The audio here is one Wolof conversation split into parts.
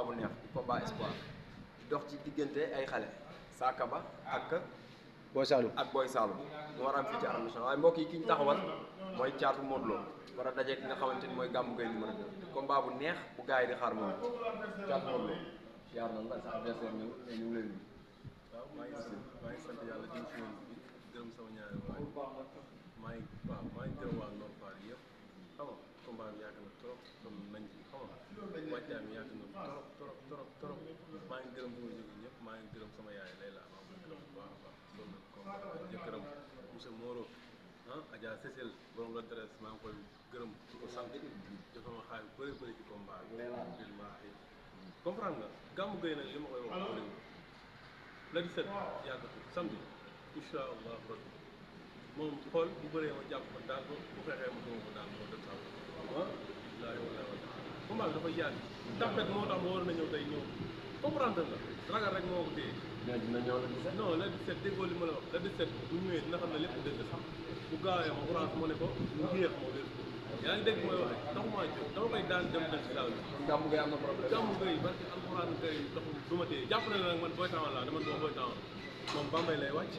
combat bu neex di combat espoir dox ci diggante ay xale Saaka Ba ak. Boy Saloum ak Boy Saloum mu war a am fii ci arène nationale waaye mbokk yi ki ñu taxawal mooy caatu Modou Lo war a daje ki nga xamante ni mooy Gamou Gueye numéro 2 ne bu neex bu gars yi di xaar moom caatu Modou Lo yaar na la sa adversaire ñu ñu ngi leen waaw maa ngi sant monsieur Moro ah Adja Cécile borom la dres maa ngi koy gërëm di ko sant jotoon na xaar bëri ci combat bi billahi comprendre nag li ma koy wax bëri la di set yàggatu samedi incha allah moom xool bu bëree ma jàpp ko daal ko bu xeexee ma dóor ko daal ko def saa ah billahi wala wala combat dafa yàgg moo tax ma war na ñëw comprendre la ragal rek moo ko téye. mais dina ñëw la 17. non la 17 déggoo li ma la wax la 17 bu ñëwee dina xam ne lépp dëgg sax bu gaawee ma orange moo ne ko mu yéex moo wér. yaa ngi dégg mooy wax taxumaa jóg dama koy daan dem dem si daaw bi. gàmmu ngay am na problème gàmmu ngay parce que alxuraan ngay tax du jàpp na la nag man booy tawal laa dama doon booy tawal moom Bambey lay wàcc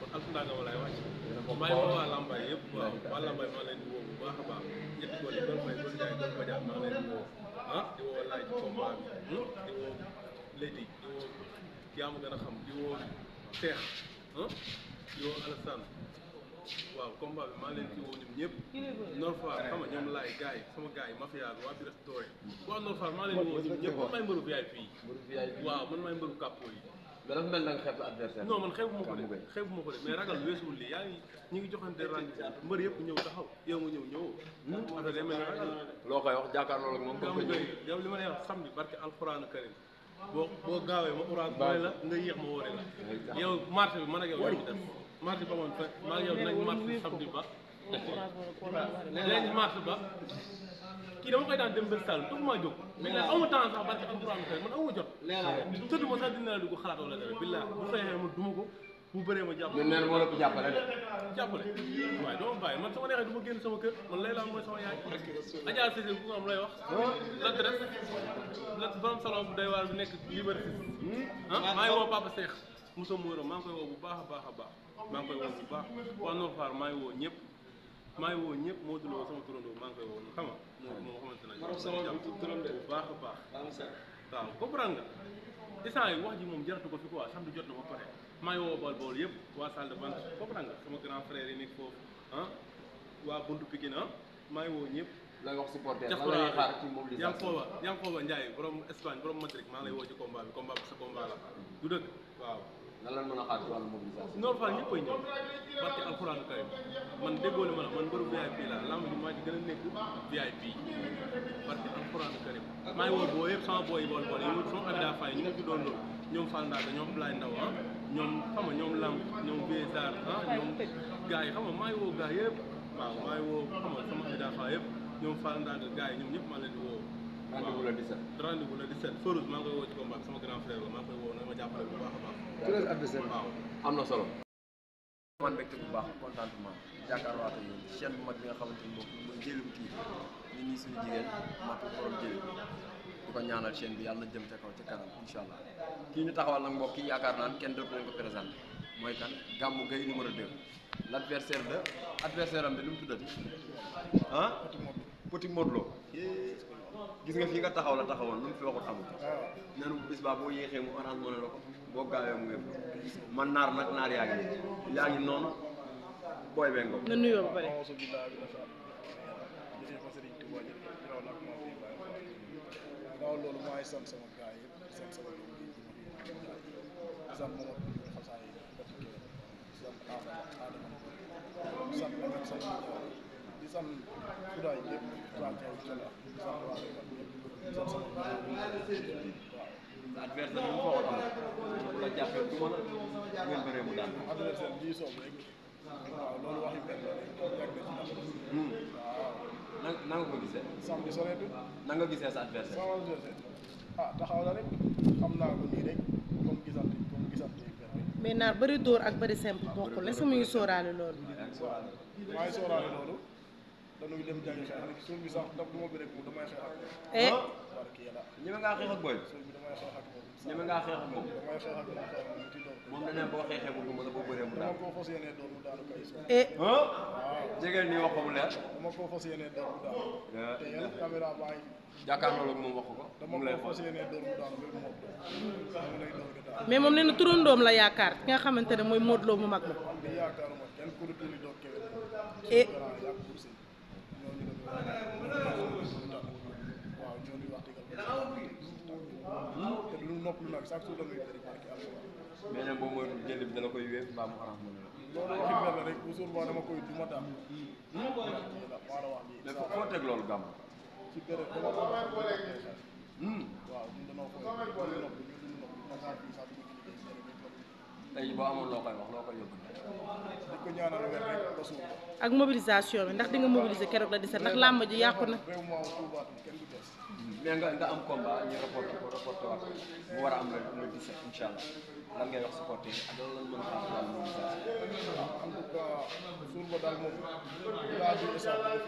kon Alfouta Ngama lay wàcc. maa ngi woo waa Lambaay yëpp waa Lambaay maa leen di woo bu baax a may doon jaay doon ko jaar maa leen di woo ah di woo Lady di woo jaamu gën a xam di woo Teex ah, di woo Alassane waaw combat maa leen ci woo ñoom ñëpp Norfar xam nga ñoom laay gars yi sama gars yi mafia bi waa Brest doore waaw Norfar maa leen woo ñoom ñëpp man maay mbëru VIP yi waaw man maay mbëru kàppoo yi mais dafa mel na nga xeeb sa adversaire non man xeebuma ko de mais ragal weesuwul lii yaa ngi ñu ngi joxante rendez-vous mbër yëpp ñëw taxaw yow nga ñëw ñëwoo hmm? affaire loo koy wax jàkkaarloo ak moom li ma lay wax samedi barke alxuraanu karim boo boo gaawee ma orange. bàyyi la nga yéex ma wóore la. yow marché bi man ak yow dañuy def marché ba moom fekk maa ngi yow nañ marché samedi ba. léegi marché ba kii dama koy daan dem benn saal bi maa jóg. mais nag amu temps sax barke alxuraan man amu jot. léegi tëdd ma sax dina la dugg xalaat wala dara billaahi bu xëyee ma duma ko. bu bëree ma jàppale. ñun nee jàppale de. jàppale waaye doo bàyyi man sama neexee du ma génn sama kër man lay la mooy sama yaay. Adja bu ko am wax. lakk def lakk borom bu day waar bi nekk liberté. ah maa ngi woo Papa Cheikh Moussa Moura maa ngi koy woo bu baax a baax a baax maa ngi koy woo bu baax waa Nord Foire maa ngi woo ñëpp. maa ngi woo ñëpp moo duloo sama turandoo maa ngi koy woo xam nga moom moo xamante ne bu baax a baax waaw comprendre nga instant yi wax ji moom jaratu ko fi quoi sax du jot na ba pare maa ngi woo bool bool yëpp waa salle de vente foofu nag sama grand frère yi nekk foofu ah waa buntu Pikine ah maa ngi woo ñëpp. la nga wax supporter lan la ñuy xaar ci mobilisation Yankhoba Yankhoba Ndiaye borom Espagne borom Madrid maa ngi lay woo ci combat bi combat bi sa combat la du dëgg waaw. lan lañ mën a xaar ci wàllu mobilisation. Nord Fall ñëpp ay ñëw barke alxuraan karim man déggoo li ma la man mbëru VIP la lamb ji maa ci gën a nekk VIP barke alxuraan karim maa ngi woo boo yëpp sama booy yi bool bool yi ñoom Abida Faye ñu ngi tuddoon loolu ñoom Fall Ndaga ñoom Abdoulaye Ndaw ah ñoom xam nga ñoom lamb ñoom Vieux Sarr ah ñoom gars yi xam nga maa ngi woo gars yëpp waaw maa ngi woo xam nga sama Aida Fall yëpp ñoom Fall Ndanga gars ñoom ñëpp maa leen di woo. rendez-vous le 17. rendez-vous le 17 Fourouz koy woo ci combat sama grand frère la maa koy woo na ma jàppale bu baax a baax. Fourouz adversaire waaw am na solo. man mbégte bu baax contentement jàkkaarloo ak yéen chaîne bu mag bi nga xamante ni moom mooy ko ñaanal chaîne bi yàlla jëm ca kaw ca kanam incha allah kii ñu taxawal nag mbokk yi yaakaar naan kenn dootu leen ko présenté mooy kan Gamou Gueye numéro 2 l' de adversaire am bi lu mu tuddati ah Petit Modou Lo gis nga fii nga taxaw la taxawoon lu mu fi waxut amul ah. nee na boo yéexee mu orange mo ne la ko boo gaawee mu yëpp man naar nag naar yaa ngi yaa ngi noonu booy bee ngoog sant sama gaay yëpp di sant sama doom bi di sant moom ak ñu xasaay yi ba ci kii di sant Adama Adama di sant ba nga sant di sant Fudaay yëpp waa Thiel Thiel di sant waa Régal yëpp di sant sama waaw adversaire bi mu ko waxoon la jàppee du ma la ngeen bëree mu daan adversaire bii soob rek waaw loolu waxi benn rek na ci waaw na nga ko gisee. sàmm bi soreetul. na nga gisee sa adversaire. ah taxaw na rek xam naa ko nii rek comme gisante comme gisante mais naar bëri dóor ak bëri simple ah, bokkul est-ce que mu ngi sóoraale loolu. maa ngi sóoraale loolu. eh? dem jàng xeex ak suul bi sax daf duma bëre ko damay xeex ak eh barki yàlla ñëma nga xeex ak boy suul bi damay xeex ak moom ñëma nga xeex ak moom damay xeex ak moom ci doon moom dañ bo xeexé bu duma la bo bëre mu daal ko fas yéné doon mu daal kay eh hein jégal ni wax ko mu leer dama ko fas yéné doon mu daal té yalla ya. caméra baay jakarlo ak mom wax ko dama ko fas yéné doon nga waaw ñoo ngi wax dëgg te duñu nopp lu nag chaque jour da ngay bëri barki alxuraan mais nag mooy jël bi dala koy wéef mbaa mu xaram moom la loolu wax koy duma daal foo teg loolu gàmm hmm. Hmm. tey boo amoon loo koy wax loo koy yóbbu. bi ndax di nga mobiliser keroog la di set ndax làmb ji yàqu na. réew moo tuubaat kenn du des. mais nga nga am combat ñu mu war a am rek le allah lan ngay wax supporté ak lan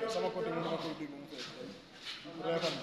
a sama côté mu ma koy déglu mu koy.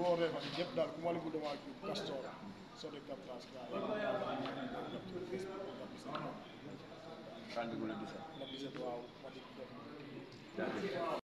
woo reefan yëpp daal ku ma la guddawaa ju Castor sode captage ga rendez-vous le 17 le 17 waaw